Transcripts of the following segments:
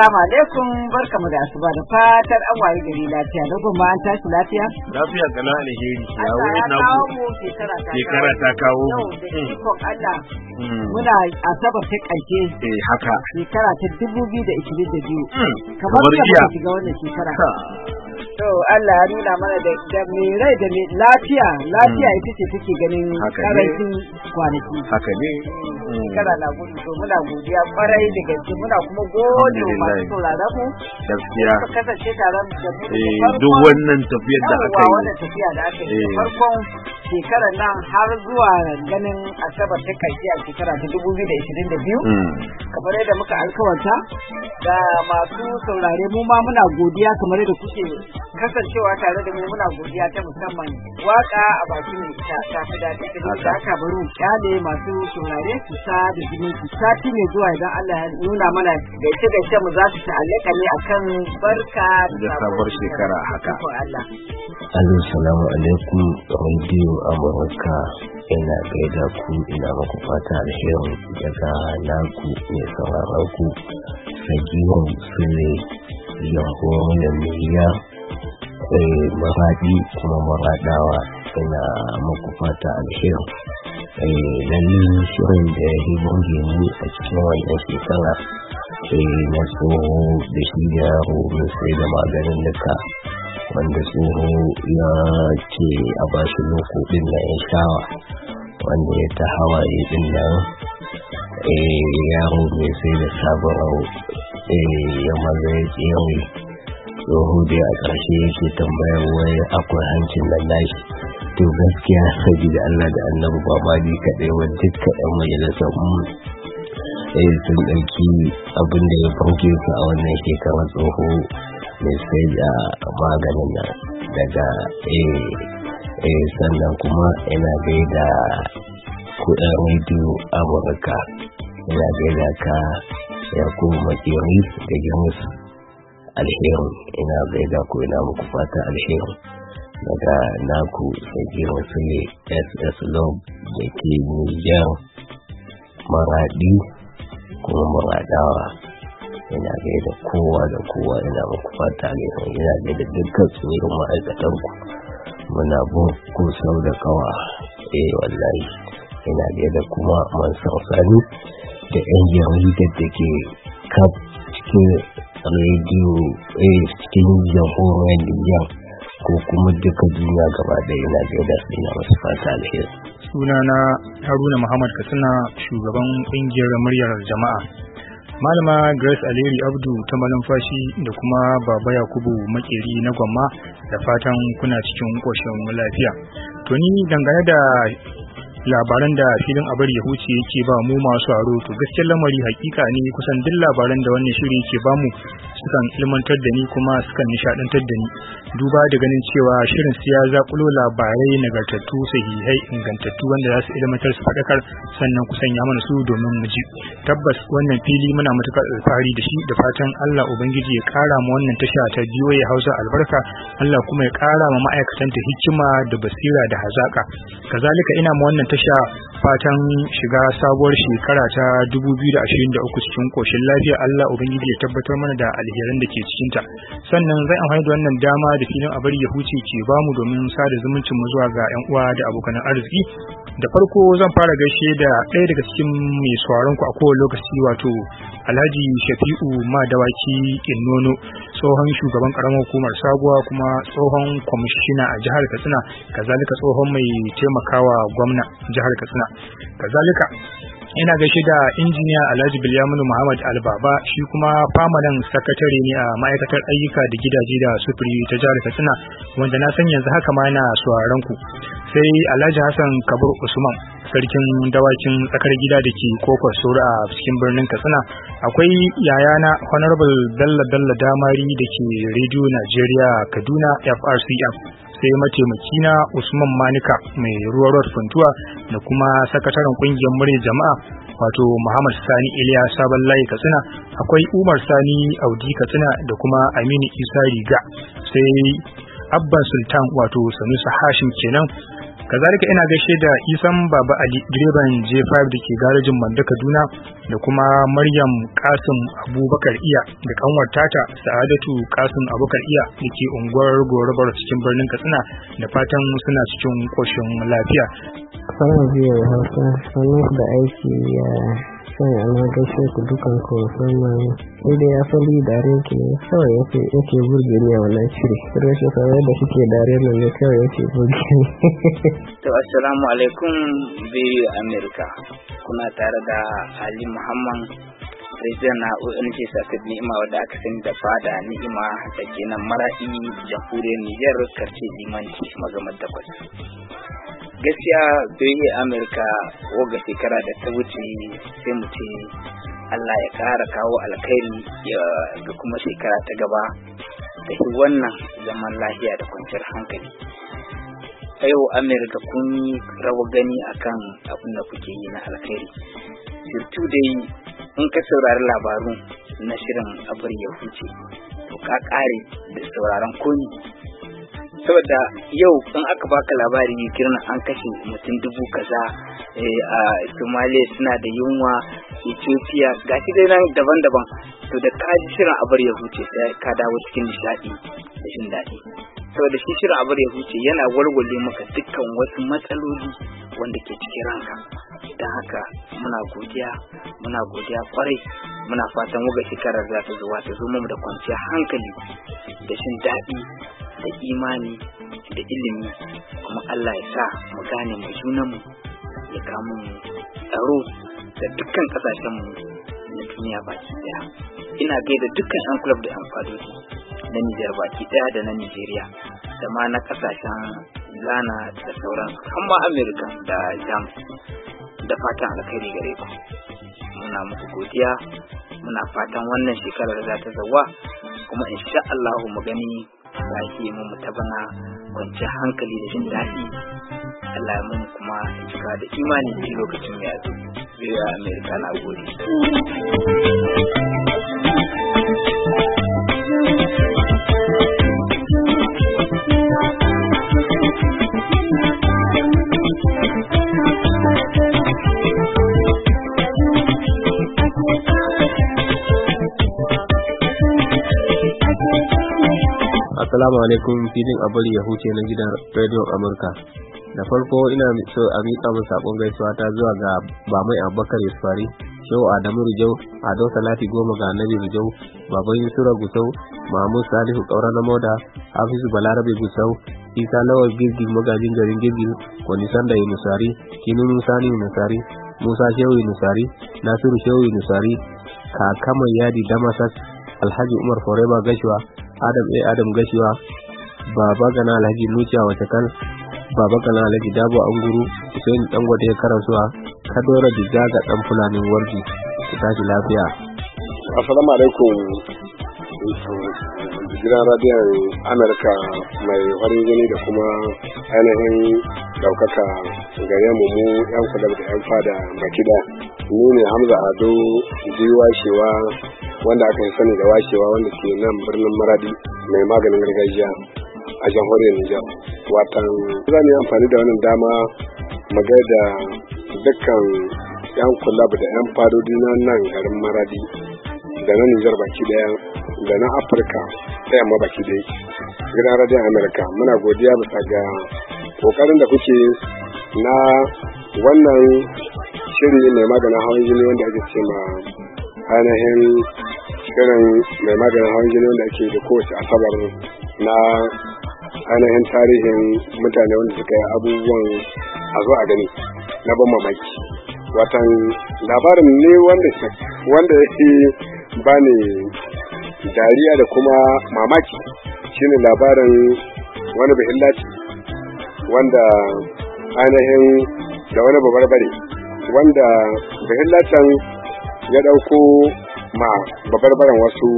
Assalamu alaikum barkamu da asuba da fatar an wayi gari lafiya da kuma an tashi lafiya. Lafiya kana alheri. Ya wuri na ku. Shekara ta kawo mu. Hmm. Allah. Hmm. Muna asabar ta ƙarshe. Eh haka. Shekara ta dubu biyu da ishirin da biyu. Hmm. Kamar da shiga wannan shekara. to Allah ya nuna mana da mai rai da mai lafiya lafiya hmm. ita ce take ganin karancin kwanaki haka ne hmm, hmm. kana na gudu to muna godiya kwarai da gaske muna kuma gode wa masu saurara mu gaskiya ka kasance tare da mu eh, duk wannan tafiyar da aka yi wannan tafiya da aka yi eh. farkon shekarar nan har zuwa ganin asabar ta karshe a shekara ta dubu biyu da ishirin da biyu kamar yadda muka alkawarta da masu saurare mu ma muna godiya kamar yadda kuke kasancewa tare da mu muna godiya ta musamman waka a bakin mai ta tafi da ta da aka bari mu kyale masu saurare su sa da jinin su sati mai zuwa idan Allah ya nuna mana da gaishe da mu za su ta'allaka ne akan barka da sabuwar shekara haka Allah Assalamu alaikum radio Amurka ina gaida ku ina muku fata alherin daga naku mai sauraron ku sagihun sule yankunan miya Eh, maraɗi kuma maraɗawa ina muku fata alheri lallin eh, shirin da ya yi burge ni a cikin wannan shekara eh, na tsoho da shi yaro mai sai da maganin duka wanda tsoho ya ce a bashi shi lokacin na ya shawa wanda ya ta hawaye a nan yaro mai sai da sabon ya maza ya tsere tsoho da a ƙarshe yake tambayar wai akwai hancin nan nashi to gaskiya da Allah da annabi ba ma ni kaɗai wa dukkan ɗan majalisar eh, sun ɗauki abin ya fauke su a wannan shekarar tsoho mai sai da maganin nan daga eh, eh sannan kuma ina gaida kuɗin radio amurka ina gaida ka ya kuma ka da gimus alherin ina gaida ku ina muku fata alherin daga naku sagirin su ne ss love da ke nijar maradi kuma maradawa ina gaida kowa da kowa ina muku fata alherin ina gaida dukkan tsoron ma'aikatan ku muna bin ku sau da kawa eh wallahi ina gaida kuma man sansani da yan jaridar da ke kaf cikin radio a cikin jamhuriyar Nijar ko kuma duka duniya gaba ɗaya na gaida su na wasu fata alheri. Sunana Haruna Muhammad Katsina shugaban ƙungiyar muryar jama'a. Malama Grace Aliri Abdu ta Malamfashi da kuma Baba Yakubu Makeri na Gwamma da fatan kuna cikin ƙoshin lafiya. To ni dangane da labaran da filin abar ya huce yake ba mu masu aro to gaskiyar lamari hakika ne kusan duk labaran da wannan shiri ke ba mu sukan ilmantar da ni kuma sukan nishadantar da ni duba da ganin cewa shirin su ya zakulo labarai nagartattu sahihai ingantattu wanda za su ilmantar su faɗakar sannan ku ya mana su domin mu ji tabbas wannan fili muna matukar alfahari da shi da fatan Allah ubangiji ya kara mu wannan tasha ta ya Hausa albarka Allah kuma ya kara ma ma'aikatan ta hikima da basira da hazaka kazalika ina ma wannan tasha fatan shiga sabuwar shekara ta 2023 cikin koshin lafiya Allah Ubangiji ya tabbatar mana da alherin da ke cikin ta sannan zai amfani da wannan dama da filin abar ya huce ke bamu domin sada zumuncin mu zuwa ga yan uwa da abokan arziki da farko zan fara gaishe da ɗaya daga cikin mai sauraron ku a kowane lokaci wato Alhaji Shafi'u Madawaki Kinnono. tsohon shugaban karamar hukumar sabuwa kuma tsohon kwamishina a jihar katsina kazalika tsohon mai taimakawa gwamna jihar katsina kazalika ina gaishe da injiniya alhaji bilyaminu muhammad albaba shi kuma famanan sakatare ne a ma'aikatar ayyuka da gidaje da sufuri ta jihar katsina wanda na san yanzu haka ma yana sauraron ku sai alhaji hassan kabur usman sarkin dawakin tsakar gida da ke kofar soro a cikin birnin katsina akwai yayana honorable bello bello damari da ke radio nigeria kaduna frcf sai mataimaki na usman manika mai ruwa funtuwa da kuma sakataren kungiyar murya jama'a wato muhammad sani iliya sabon layi katsina akwai umar sani audi katsina da kuma aminu isa riga sai abban sultan wato sanusa hashim kenan kazalika ina gaishe da isan baba ali direban j5 da ke garajin manda kaduna da kuma maryam kasim abubakar iya da kanwar tata sa'adatu kasim abubakar iya da ke unguwar gorabar cikin birnin katsina da fatan suna cikin koshin lafiya sannan biyar hausa da aiki ya sai ana gaishe ku dukan ku musamman sai dai asali dare ke kawai yake yake burge ni a wannan shiri sai shi kawai da kike dare nan ne kawai yake burge ni to assalamu alaikum biyu america kuna tare da ali muhammad Rijiyar na ONG Sakit Ni'ima wadda aka sani da fada ni'ima da ke nan mara'i jamhuriyar Nijar karce limanci magamar takwas. gaskiya yi amurka ga shekara da ta wuce sai mu ce allah ya kara kawo alkhairi ga kuma shekara ta gaba da shi wannan zaman lafiya da kwanciyar hankali a yau amurka kun yi rawa gani akan abin da kuke yi na alkhairi sirtu dai in ka saurari labarun na shirin abin ya huce to ka kare da sauraron koyi saboda yau in aka baka labari girna an kashe mutum dubu kaza eh, a somalia suna da yunwa ethiopia ga shi dai nan daban-daban to da ka shirin abar ya huce sai ka dawo cikin nishadi da jin daɗi saboda shi shirin abar ya huce yana warware maka dukkan wasu matsaloli wanda ke cikin ranka don haka muna godiya muna godiya kwarai muna fatan wuga shekarar za ta zuwa ta zo mu da kwanciyar hankali da shin daɗi da imani da ilimi kuma Allah ya sa mu gane juna mu, ya kamu tsaro da dukkan kasashenmu na duniya baki daya ina gaida dukkan 'yan kulab da 'yan na Nijar baki daya da na Nijeriya da ma na kasashen Ghana da sauran amma Amerika da Jam da fatan alkhairi gare ku muna muku godiya muna fatan wannan shekarar za ta zawa kuma insha Allah mu gani zaki mu mu bana, kwanci hankali da jin daɗi Allah ya mun kuma cika da imani lokacin ya zo. Amerika na gode. Assalamu alaikum filin abari ya huce na gidan Radio Amurka. Da farko ina so a miƙa min saƙon gaisuwa ta zuwa ga mai Abubakar Yusufari, Shehu Adamu Rijau, Ado Salati Goma ga Nabi Rijau, Baban Yusura Gusau, Mamu Salihu Ƙaura na Moda, Hafizu Balarabe Gusau, Isa Lawal Girgi Magajin Garin Girgi, Kwani Sanda Yunusari, Kinunu Sani Yunusari, Musa Shehu Yunusari, Nasiru Shehu Yunusari, Kakamai Yadi Damasas, Alhaji Umar Foreba Gashuwa, adam a eh, adam gashiwa baba gana alhaji nuciya wace kan baba gana alhaji dabo anguru usaini dangote ya karasuwa kadora jiga ga dan fulanin warji ku tashi lafiya assalamu alaikum gidan radiyon amurka mai farin gani da kuma ainihin daukaka gare mu mu yan kudar da yan fada baki da ni ne hamza ado jiwa shewa wanda aka yi sani da washewa wanda ke nan birnin maradi mai maganin gargajiya a jamhuriyar Nijar. Watan za mu yi amfani da wannan dama magai da dukkan 'yan kula da 'yan fadodi na nan garin maradi da na Nijar baki daya da na Afirka ta yamma baki daya. Gidan Radiyon Amerika muna godiya bisa ga kokarin da kuke na wannan shiri mai maganin hawan jini wanda ake ce ma ainihin irin mai maganin hawan jini wanda ake da kowace asabar na ainihin tarihin mutane wanda suka yi abubuwan a zo a gani na ban mamaki watan labarin ne wanda ya fi ba ne dariya da kuma mamaki shine labarin wani bahillaci wanda ainihin da wani babar babarbare wanda bahillacin ya ɗauko ma barin wasu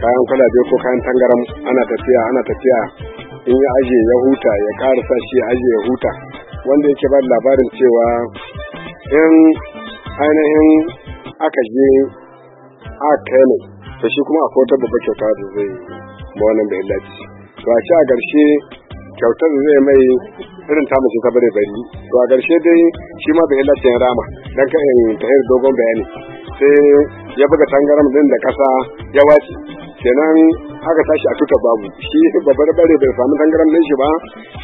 kayan kwalabe ko kayan tangaram ana tafiya ana tafiya in ya aje ya huta ya karasa shi ya aje ya huta wanda yake ba labarin cewa in ainihin aka je aka kai to shi kuma akwai wata babbar kyauta da zai ba wannan bai lati to a ci a garshe kyautar zai mai irin ta mace ta bare bari to a garshe dai shi ma bai lati rama dan ka ta ta dogon bayani sai ya buga tangaram din da kasa ya wace kenan aka tashi a tuta babu shi babbar bare bai samu tangaram din shi ba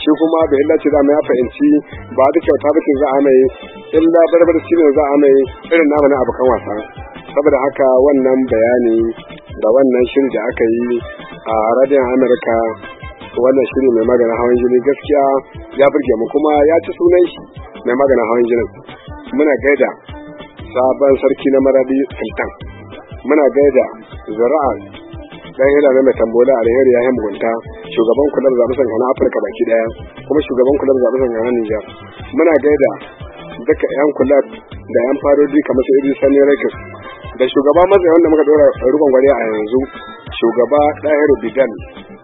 shi kuma bai ce da ya fahimci ba da kyauta ba za a mai illa barbar shi ne za a mai irin namu na abokan wasa saboda haka wannan bayani da wannan shiri da aka yi a radiyon amurka wannan shirin mai magana hawan jini gaskiya ya burge mu kuma ya ci sunan shi mai magana hawan jinin muna gaida sabon sarki na maradi sultan muna gaida zara'a dan yana na tambola alheri ya mugunta shugaban kular zaɓen na afirka baki daya kuma shugaban kular zaɓen na nijar muna gaida duka yan kula da yan farodi kamar su irin sani rekis da shugaba matsayi wanda muka dora rukun gwari a yanzu shugaba ɗaya bidan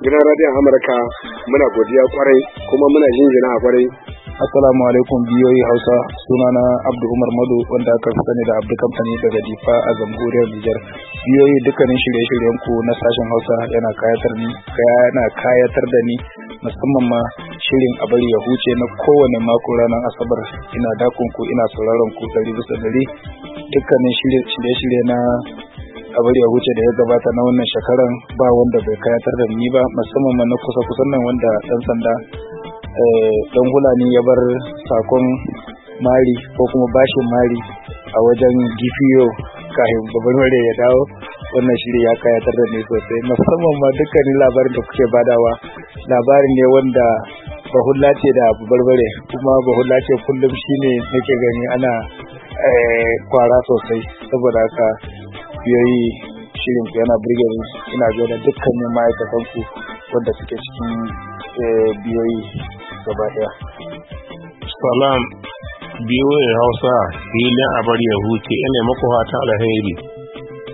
gidan radiyon amurka muna godiya kwarai kuma muna jinjina a kwarai Assalamu alaikum biyoyi Hausa sunana Abdu Umar Madu wanda aka fi sani da Abdu Kamfani daga Difa a Zamburiyar Nijar. Biyoyi dukkanin shirye-shiryen ku na sashen Hausa yana kayatar ni, yana kayatar da ni musamman ma shirin a bari ya huce na kowane mako ranar Asabar ina dakon ku ina sauraron ku dari bisa dari dukkanin shirye-shirye na abar ya huce da ya gabata na wannan shekaran ba wanda bai kayatar da ni ba musamman ma na kusa kusan nan wanda dan sanda Ɗan eh, gulani ya bar sakon mari ko kuma bashin mari a wajen dpo kafin babban ware ya dawo wannan shiri ya kayatar da ni sosai musamman ma dukkanin labarin da kuke badawa labarin ne wanda bahulla ce da barbare kuma bahulla ce kullum shine nake gani ana eh, kwara sosai saboda haka biyoyi shirin yana birge ina zo da dukkanin ma'aikatan ku wanda suke cikin eh, biyoyi e. gaba daya. Salam biyu ya hausa filin a bar ya huce ina maku fatan alheri.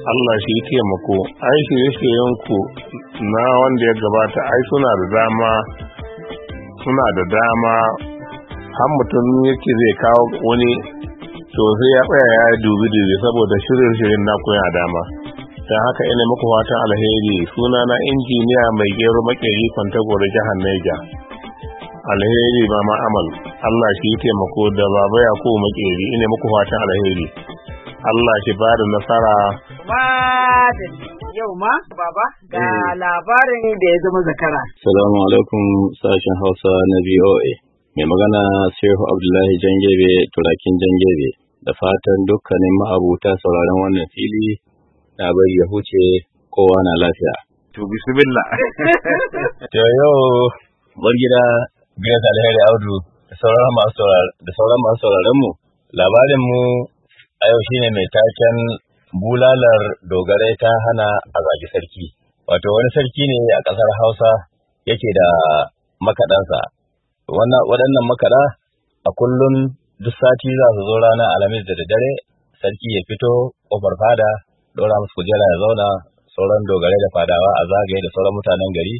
Allah shi ya taimako, ai shirye-shiryenku na wanda ya gabata ai suna da dama suna da dama har mutum yake zai kawo wani to sai ya tsaya ya dubi dubi saboda shirin shirin na a dama. don haka ina muku fatan alheri Suna na injiniya mai gero makeri kwantagoro jihar Niger. alheri ba ma amal Allah shi taimako da baba ya ko makeri ina muku fatan alheri Allah shi ba da nasara yau ma baba ga eh. labarin da ya zama zakara salamu alaikum sashen hausa na BOA mai magana Shehu Abdullahi Jangebe turakin Jangebe da fatan dukkanin ma'abuta sauraron wannan fili na bai ya huce kowa na lafiya to bismillah to yau bar gida Grace Alheri Audu da sauran masu sauraron mu. Labarin mu a yau shine mai taken bulalar dogarai ta hana a zagi sarki. Wato wani sarki ne a ƙasar Hausa yake da makaɗansa. Waɗannan makaɗa a kullum duk sati za su zo rana alamis da dare, sarki ya fito ƙofar fada ɗora musu kujera ya zauna sauran dogarai da fadawa a zagaye da sauran mutanen gari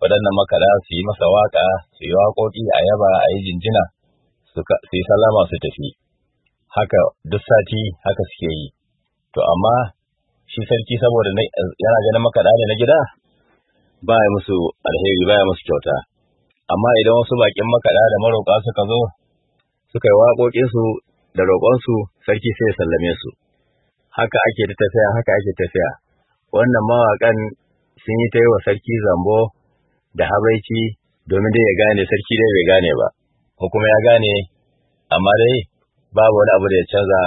waɗannan makaɗa su yi masa waka, su yi waƙoƙi a yaba a yi jinjina su yi salama su tafi haka duk sati haka suke yi to amma shi sarki saboda yana ganin makaɗa ne na gida ba ya musu alheri ba ya musu kyauta amma idan wasu baƙin makaɗa da maroƙa suka zo suka yi waƙoƙinsu da roƙonsu sarki sai ya sallame su haka ake tafiya haka ake tafiya wannan mawaƙan sun yi ta yi wa sarki zambo da habaici domin dai ya gane sarki dai bai gane ba ko kuma ya gane amma dai babu wani abu da ya canza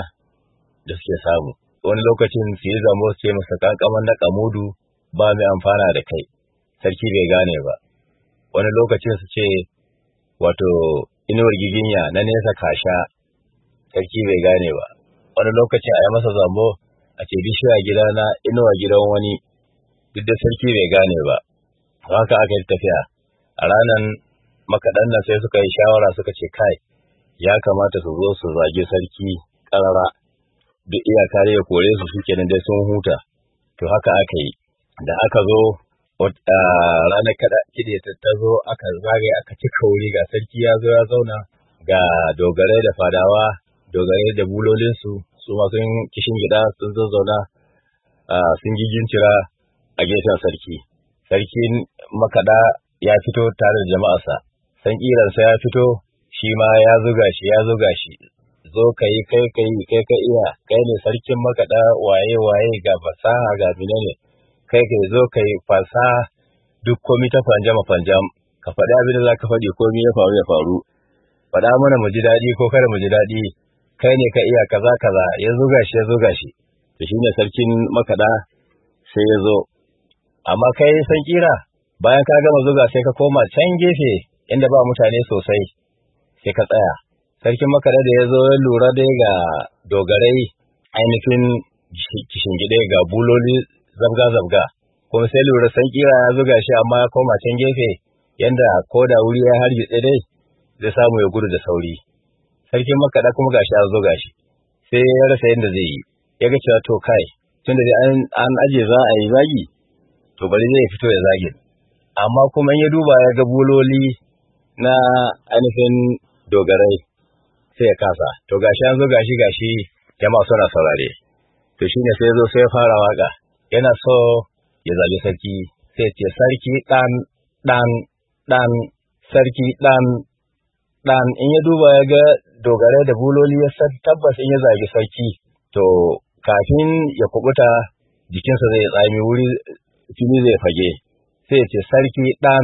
da suke samu wani lokacin su yi zamo su masa kankaman na kamudu ba mai amfana da kai sarki bai gane ba wani lokacin su ce wato inuwar giginya na nesa kasha sarki bai gane ba wani lokacin a yi masa zambo a ce bishiya gidana inuwa gidan wani duk da sarki bai gane ba haka aka yi tafiya a ranar makaɗan nan sai suka yi shawara suka ce kai ya kamata su zo su zage sarki ƙarara duk iyaka da ya kore su suke nan dai sun huta to haka aka yi da aka zo ranar kaɗa kide ta zo aka zage aka cika wuri ga sarki ya zo ya zauna ga dogarai da fadawa dogarai da bulolinsu su ma kishin gida sun zazzauna sun cira a gefen sarki sarkin makaɗa ya fito tare da jama'arsa, san ƙiransa ya fito shi ma ya zuga shi ya zuga shi, zo ka yi kai ka yi kai ka iya, kai ne sarkin makaɗa waye waye ga fasaha ga ne, kai ka zo ka yi fasaha duk komi ta fanjama fanjam, ka faɗi abin da za ka faɗi komi ya faru ya faru, faɗa mana mu ji daɗi ko kada mu ji daɗi, kai ne ka iya kaza kaza ya zuga shi ya zuga shi, to sarkin makaɗa sai ya zo amma kai san kira bayan ka gama zuga sai ka koma can gefe inda ba mutane sosai sai ka tsaya sarkin makare da ya zo ya lura dai ga dogarai ainihin kishingide ga buloli zabga-zabga kuma sai lura san kira ya zuga shi amma ya koma can gefe yadda ko da wuri ya hargitse dai zai samu ya gudu da sauri sarkin makaɗa kuma gashi ya zo gashi sai ya rasa yadda zai yi ya ga cewa to kai tun da an ajiye za a yi zagi to bari zai fito ya zage amma kuma ya duba ya ga buloli na ainihin dogarai sai ya kasa to gashi an zo gashi gashi jama'a suna saurare to shine sai ya zo sai ya fara waka yana so ya zabi sarki sai ce sarki dan dan dan sarki dan dan in ya duba ya ga dogarai da buloli ya san tabbas in ya zagi sarki to kafin ya kubuta jikinsa zai tsami wuri fili zai fage sai ce sarki dan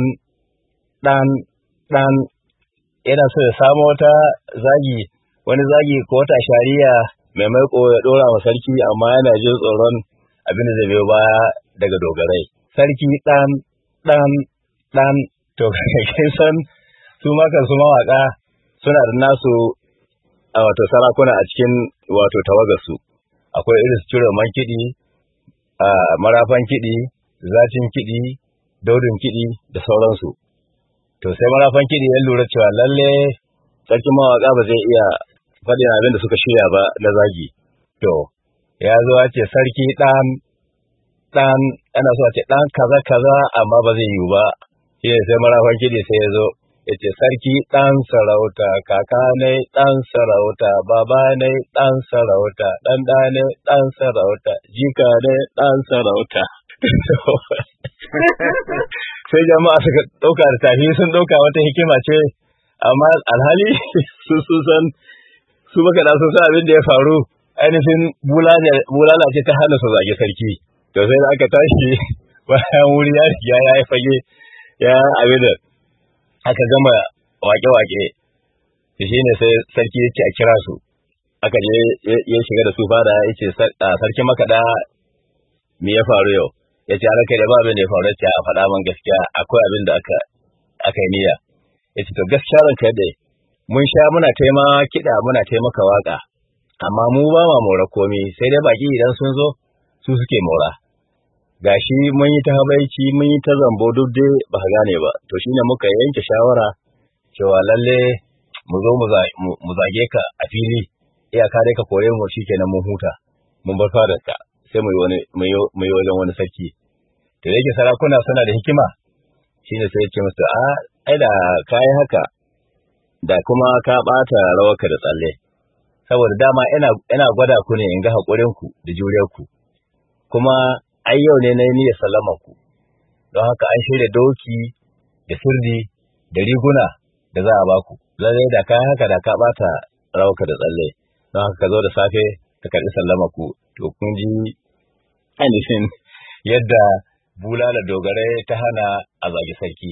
dan dan yana so ya samu wata zagi wani zagi ko wata shari'a mai maiko ya ɗora wa sarki amma yana jin tsoron abin da zai biyo baya daga dogarai sarki ɗan ɗan ɗan to kai san su maka su mawaƙa suna da nasu a wato sarakuna a cikin wato tawagarsu akwai irin su cire man kiɗi a marafan kiɗi zacin kiɗi daudin kiɗi da sauransu to sai marafan kiɗi ya lura cewa lalle sarkin mawaƙa ba zai iya faɗin abin da suka shirya ba na zagi to ya zo a ce sarki ɗan ɗan ana so a ce ɗan kaza kaza amma ba zai yiwu ba shi sai marafan kiɗi sai ya zo ya ce sarki ɗan sarauta kaka ne ɗan sarauta baba ne ɗan sarauta ɗan ɗa ɗan sarauta jika ne ɗan sarauta sai jama'a suka ɗauka da tafi sun ɗauka wata hikima ce amma alhali su san su baka da sun san abin da ya faru ainihin bulala ce ta hana su zage sarki to sai da aka tashi bayan wuri ya riga ya yi fage ya abin da aka gama wake-wake shi ne sai sarki ya ce a kira su aka je ya shiga da su fada ya ce sarki makaɗa me ya faru yau ya ce raka da ba abin da ya faru ce a faɗa man gaskiya akwai abin da aka aka yi niyya ya ce to gaskiya ranka da mun sha muna taima kiɗa muna taimaka waƙa amma mu ba ma mora komi sai dai baki idan sun zo su suke mora gashi mun yi ta habaici mun yi ta zambo duk dai ba ka gane ba to shine muka yanke shawara cewa lalle mu zo mu zage ka a fili iyaka dai ka kore mu shi kenan mun huta mun bar fadarka sai mu mu yi wajen wani sarki to yake sarakuna suna da hikima shine sai yake musu a ai da yi haka da kuma ka bata rawarka da tsalle saboda dama ina gwada ku ne in ga hakurin ku da juriyar ku kuma ai yau ne na yi niyyar sallama ku don haka an shirya doki da sirri da riguna da za a ba baku lalle da yi haka da ka bata rawarka da tsalle don haka ka zo da safe ka karbi sallama ku to kun ji ainihin yadda bulala dogarai ta hana a zagi sarki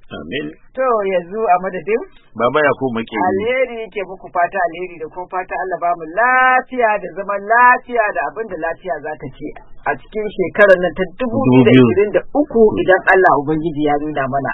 Amin. To yanzu a madadin? Baba ya ko muke. Alheri yake muku fata alheri da ko fata Allah ba mu lafiya da zaman lafiya da abin da lafiya za ta ce a cikin shekarar nan ta dubu da da uku idan Allah Ubangiji ya nuna mana.